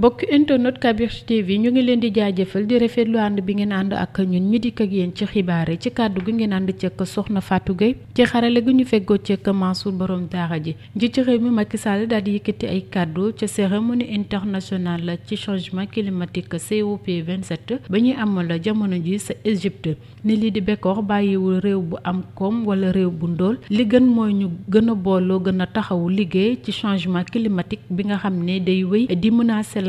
mbokk internet Kabir TV ñu ngi leen di jaajëfal di rafetlu ànd bi ngeen ànd ak ñun ñi dikk ak yéen ci xibaare ci kàddu gi ngeen ànd cekk soxna Fatou Gueye ci xarale gi ñu feggoo cekk Mansour borom daara ji ji ci réew mi Macky Sall daal di yëkkati ay kàddu ca cérémonie internationale la ci changement climatique COP 27 ba ñuy amal la jamono ji sa Égypte ni lii di bekkoor bàyyiwul réew bu am koom wala réew bu ndool li gën mooy ñu gën a booloo gën a taxawu liggéey ci changement climatique bi nga xam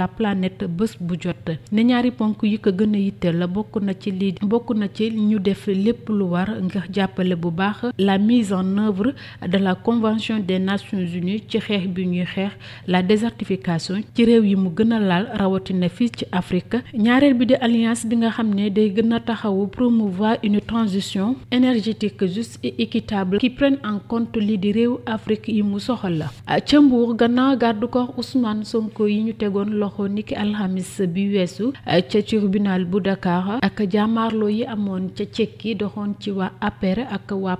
la planète bés bu jot ne ñaari ponk yi ko gën yitteel la bokk na ci lii bokk na ci ñu def lépp lu war nga jàppale bu baax la mise en œuvre de la convention des nations unies ci xeex bi ñuy xeex la désertification ci réew yi mu gën a laal rawatina fii ci Afrique ñaareel bi di alliance bi nga xam ne day gën a taxawu promouvoir une transition énergétique juste et équitable qui prenne en compte li di réew Afrique yi mu soxal la ca Mbuur gannaaw garde xeexoo niki alxamis bi weesu eh, ca tribunal bu Dakar ak jàmmaarloo yi amoon ca cekki doxoon ci waa APR ak waa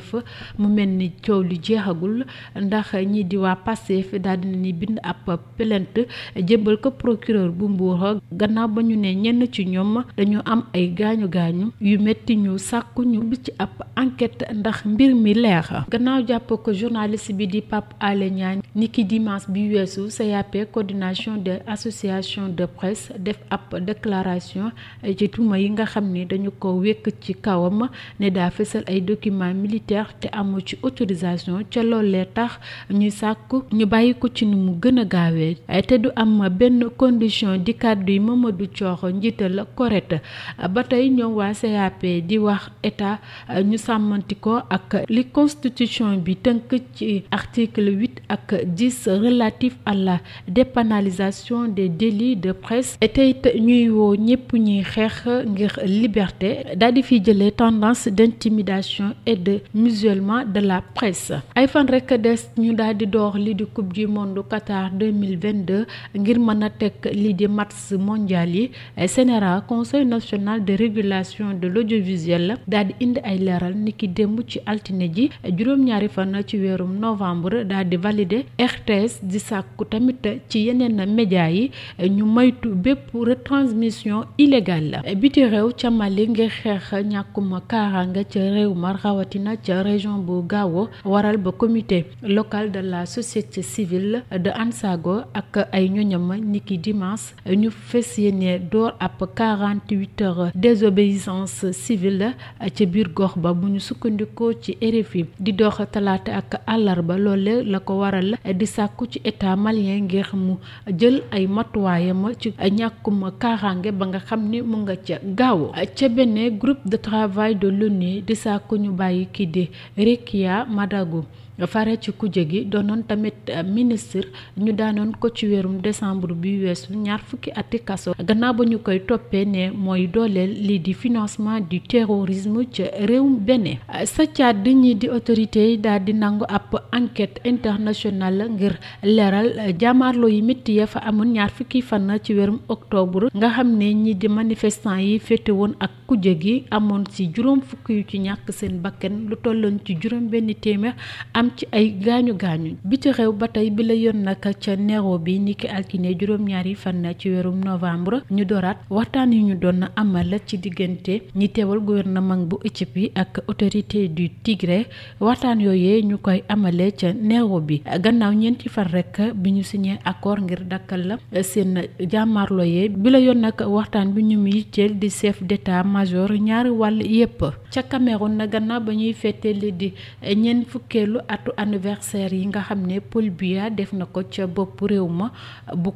fa mu mel ni coow li jeexagul ndax ñii di waa PASTEF daal dina ni bind ab plainte jébbal ko procureur bu Mbour gannaaw ba ñu ne ñenn ci ñoom dañu am ay gaañu gaañu yu metti ñu sàkku ñu bi ci ab enquête ndax mbir mi leer gannaaw jàpp ko journaliste bi di Pape Alé Niang niki dimanche bi weesu CAP coordination de association de presse def ab déclaration ci tuuma yi nga xam ni dañu ko wékk ci ma ne daa fësal ay documents militaires te amu ci autorisation ca loolee tax ñuy sàkku ñu bàyyi ko ci nu mu gën gaawee te du am ma benn condition di kàddu yi Mamadou Thior njiital CORED ba tey ñoom waa CAP di wax état ñu sàmmanti ko ak li constitution bi tënk ci article ak dix relatif à la commission des délits de presse tey ñuy woo ñëpp ñuy xeex ngir liberté daal di fi jëlee tendance d'intimidation et de musulman de la presse ay fan rek des ñu daal di door lii di coupe du monde Qatar 2022 ngir mën a teg lii di match mondial yi sénéral conseil national de régulation de l'audiovisuel daal di indi ay leeral niki démb ci altine ji juróom-ñaari fan ci weerum novembre daal di valider di sàkku tamit ci yeneen média média yi ñu moytu bépp retransmission illégale la biti réew ca Mali ngir xeex ñàkkuma kaaraanga ca réew ma rawatina ca région bu gaawo waral ba comité local de la société civile de Ansago ak ay ñoñam niki dimanche ñu fes yéene door ab 48 heures désobéissance civile ca biir gox ba bu ñu sukkandikoo ci RFI di dox talaata ak àllarba loole la ko waral di sàkku ci état malien ngir mu jël ay matuwaayam ci ñàkkuma kaaraange ba nga xam ni mu nga ca gaaw ca benn groupe de travail de l'ONU di sàkku ñu bàyyi kii di Rekia Madagu fare ci kujje gi doonoon tamit euh, ministre ñu daanoon ko ci weerum décembre bi weesu ñaar fukki ati kaso gannaaw ba ñu koy toppee ne mooy dooleel lii di financement du terrorisme ca réewum Bénin sa Tchad ñi di autorité yi daal di nangu ab enquête internationale ngir leeral jaamaarloo yi métti ya fa amoon ñaar fukki fan ci weerum octobre nga xam ne ñii di manifestant yi féete woon ak kuje gi amoon ci juróom fukki yu ci ñàkk seen bakken lu tolloon ci juróom téeméer ci ay gaañu gaañu biti réew ba tey bi la yoon nag ca Nairobi niki altine juróom-ñaari fan ci weerum novembre ñu doraat waxtaan yu ñu doon amal ci diggante ñi teewal gouvernement bu yi ak autorité du Tigré waxtaan yooyee ñu koy amale ca Nairobi gannaaw ñeenti fan rekk bi ñu signé accord ngir dakkal la seen jàmmaarloo yee bila yoon nag waxtaan bi ñu muy yitteel di chef d'état major ñaari wàll yépp ca Cameroun na gannaaw ba ñuy fetee li di ñeent fukkeelu atu anniversaire yi nga xam ne Paul Biya def na ko ca bopp réew ma bu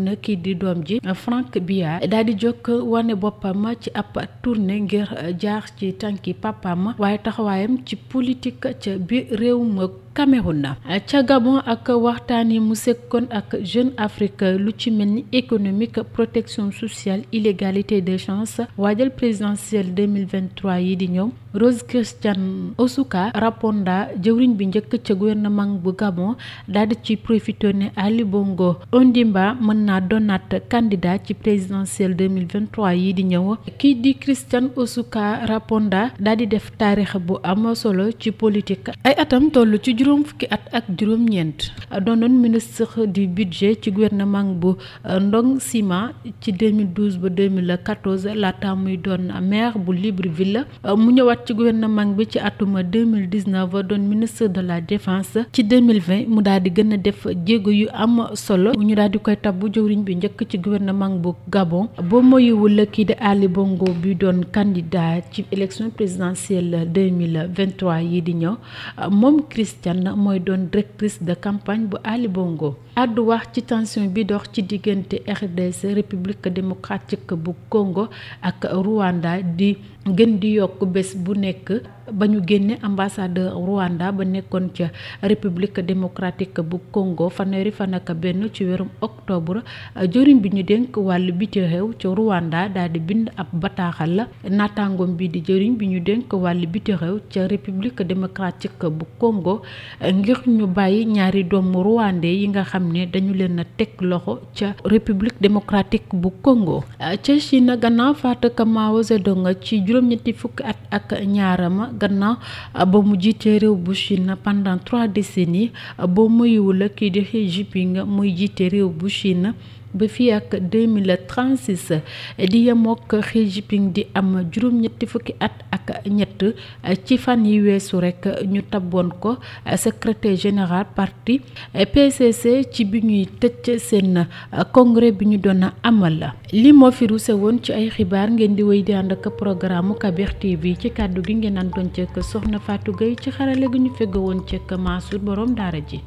na kii di doom ji Franck Biya daal di jokk wane boppam ma ci ab tournée ngir jaar ci tànki papam waaye taxawaayam ci politique ca biir réew ma Cameroun na ca Gabon ak waxtaan yi mu sekkoon ak Jeune Afrique lu ci mel ni économique protection sociale illégalité des chances waajal présidentielle 2023 yi di ñëw Rose Christian Osuka Raponda jëwriñ bi njëkk ca gouvernement bu Gabon daal di ci profité ne Ali Bongo Ondimba mën naa donaat candidat ci présidentielle 2023 yi di ñëw kii di Christian Osuka Raponda daal di def taarix bu am solo ci politique ay atam toll ci juróom fukki at ak juróom-ñeent doonoon ministre du budget ci gouvernement bu euh, Ndong Sima ci 2012 ba 2014 laata muy doon maire bu Libreville euh, mu ñëwaat ci gouvernement bi ci atuma 2019 doon ministre de la défense ci 2020 mu daal di gën a def jéego yu am solo ñu daal di koy tab bu jëwriñ bi njëkk ci gouvernement bu Gabon boo moyuwul kii di Ali Bongo bi doon candidat ci élection présidentielle 2023 yi di ñëw moom Christiane mooy doon directrice de campagne bu Ali Bongo àddu wax ci tension bi dox ci diggante RDC République démocratique bu kongo ak Rwanda di gën di yokk bés bu nekk ba ñu génne ambassadeur Rwanda ba nekkoon ca république démocratique bu kongo fanweeri fan ak benn ci weerum octobre jëriñ bi ñu denk wàll biti réew ca Rwanda daal di bind ab bataaxal la naataangoom bi di jëriñ bi ñu dénk wàll biti réew ca république démocratique bu Congo ngir ñu bàyyi ñaari doomu rwandais yi nga xam ne dañu leen a teg loxo ca république démocratique bu Congo ca gannaaw faat ka Mao Zedong ci juróom-ñetti fukki ak ñaarama gannaaw ah, ba mu jiitee réew bu Chine pendant trois décennies ah, boo moyuwula kii di Xi Jinping muy jiite réew bu Chine ba fii ak 2036 di yemook Xi Jinping di am juróom-ñetti fukki at ak ñett ah, ci fan yi weesu rek ñu tabboon ko secretaire général parti PCC ci bi ñuy tëj seen congrès bi ñu doon amal. la limo fi ruse woon ci ay xibaar ngeen di wéy di ànd ak programme Kabir TV kàddu gi ngeen àndoon cëkk soxna Fatou Gueye ci xarale gi ñu feggoon cëkk Mansour boroom daara ji